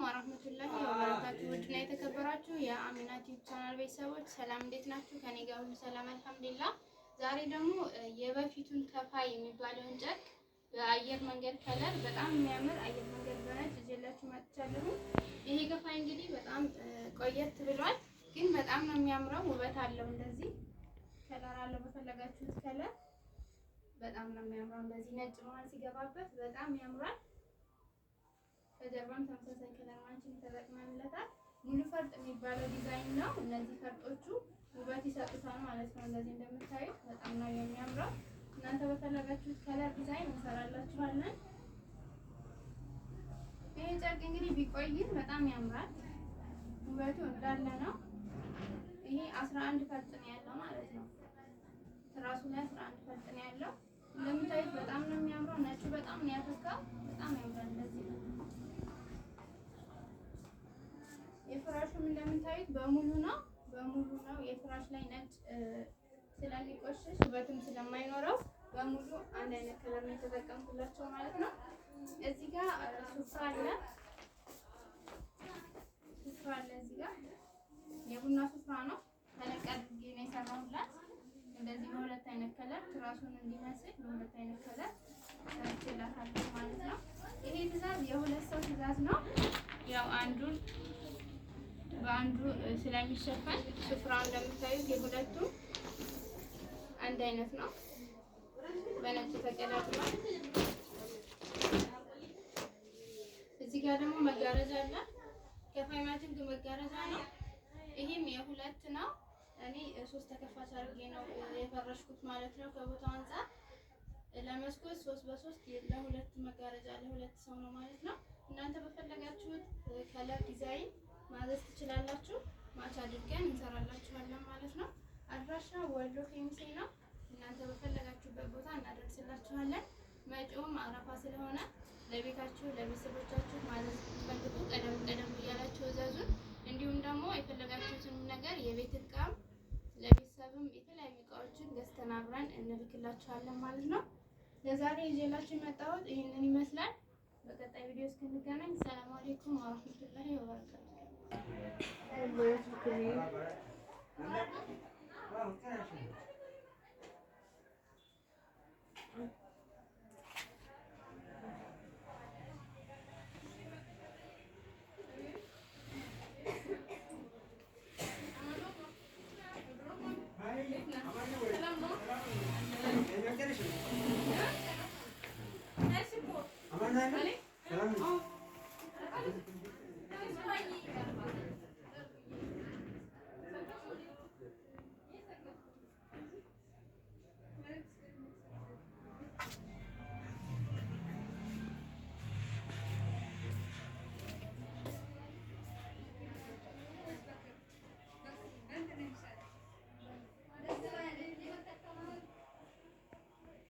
አለይኩም ወራህመቱላሂ ወበረካቱ። ውድና የተከበራችሁ የአሚና ቻናል ቤተሰቦች ሰላም፣ እንዴት ናችሁ? ከኔ ጋር ሁሉ ሰላም አልሐምዱሊላ። ዛሬ ደግሞ የበፊቱን ከፋ የሚባለውን ጨርቅ በአየር መንገድ ከለር በጣም የሚያምር አየር መንገድ በነጭ ይዤላችሁ መጥቻለሁ። ይሄ ከፋይ እንግዲህ በጣም ቆየት ብሏል፣ ግን በጣም ነው የሚያምረው። ውበት አለው። እንደዚህ ከለር አለው፣ በፈለጋችሁት ከለር በጣም ነው የሚያምረው። እንደዚህ ነጭ መሀል ሲገባበት በጣም ያምራል። ከጀርባም ተመሳሳይ ከለማችን ተጠቅመንለታል። ሙሉ ፈርጥ የሚባለው ዲዛይን ነው። እነዚህ ፈርጦቹ ውበት ይሰጡታል ማለት ነው። እንደዚህ እንደምታዩት በጣም ነው የሚያምረው። እናንተ በፈለጋችሁት ከለር ዲዛይን እንሰራላችኋለን። ይህ ጨርቅ እንግዲህ ቢቆይም በጣም ያምራል። ውበቱ እንዳለ ነው። ይሄ አስራ አንድ ፈርጥ ነው ያለው ማለት ነው። ትራሱ ላይ አስራ አንድ ፈርጥ ነው ያለው። እንደምታዩት በጣም ነው የሚያምረው። ነጩ በጣም ነው ያፈካው እንደምታዩት በሙሉ ነው በሙሉ ነው። የፍራሽ ላይ ነጭ ስለሚቆሽሽ ውበትም ስለማይኖረው በሙሉ አንድ አይነት ከለር ነው የተጠቀምኩላቸው ማለት ነው። እዚህ ጋር ሱፍራ አለ ሱፍራ አለ። እዚህ ጋር የቡና ሱፍራ ነው ተለቀቅ ጊዜ የሰራሁላት እንደዚህ በሁለት አይነት ከለር ትራሱን እንዲመስል በሁለት አይነት ከለር ሰርችላታለሁ ማለት ነው። ይሄ ትእዛዝ የሁለት ሰው ትእዛዝ ነው ያው አንዱን በአንዱ ስለሚሸፈን ስፍራ እንደምታዩት የሁለቱ አንድ አይነት ነው። በነጭ ተቀላቅሏል። እዚህ ጋር ደግሞ መጋረጃ አለ። ከፋይ ማቲንግ መጋረጃ ነው። ይህም የሁለት ነው። እኔ ሶስት ተከፋች አድርጌ ነው የፈረሽኩት ማለት ነው። ከቦታው አንጻር ለመስኮት ሶስት በሶስት ለሁለት መጋረጃ ለሁለት ሰው ነው ማለት ነው። እናንተ በፈለጋችሁት ከለር ዲዛይን ማዘዝ ትችላላችሁ። ማች አድርገን እንሰራላችኋለን ማለት ነው። አድራሻ ወሎ ኬሚሴ ነው። እናንተ በፈለጋችሁበት ቦታ እናደርስላችኋለን። መጪውም አረፋ ስለሆነ ለቤታችሁ፣ ለቤተሰቦቻችሁ ማዘዝ ትፈልጉ ቀደም ቀደም እያላችሁ እዘዙን። እንዲሁም ደግሞ የፈለጋችሁትን ነገር የቤት እቃም ለቤተሰብም የተለያዩ እቃዎችን ገዝተን አብረን እንልክላችኋለን ማለት ነው። ለዛሬ ይዤላችሁ የመጣሁት ይህንን ይመስላል። በቀጣይ ቪዲዮ እስክንገናኝ ሰላም አሌይኩም ወረህመቱላሂ ወበረካቱ። আমার নাম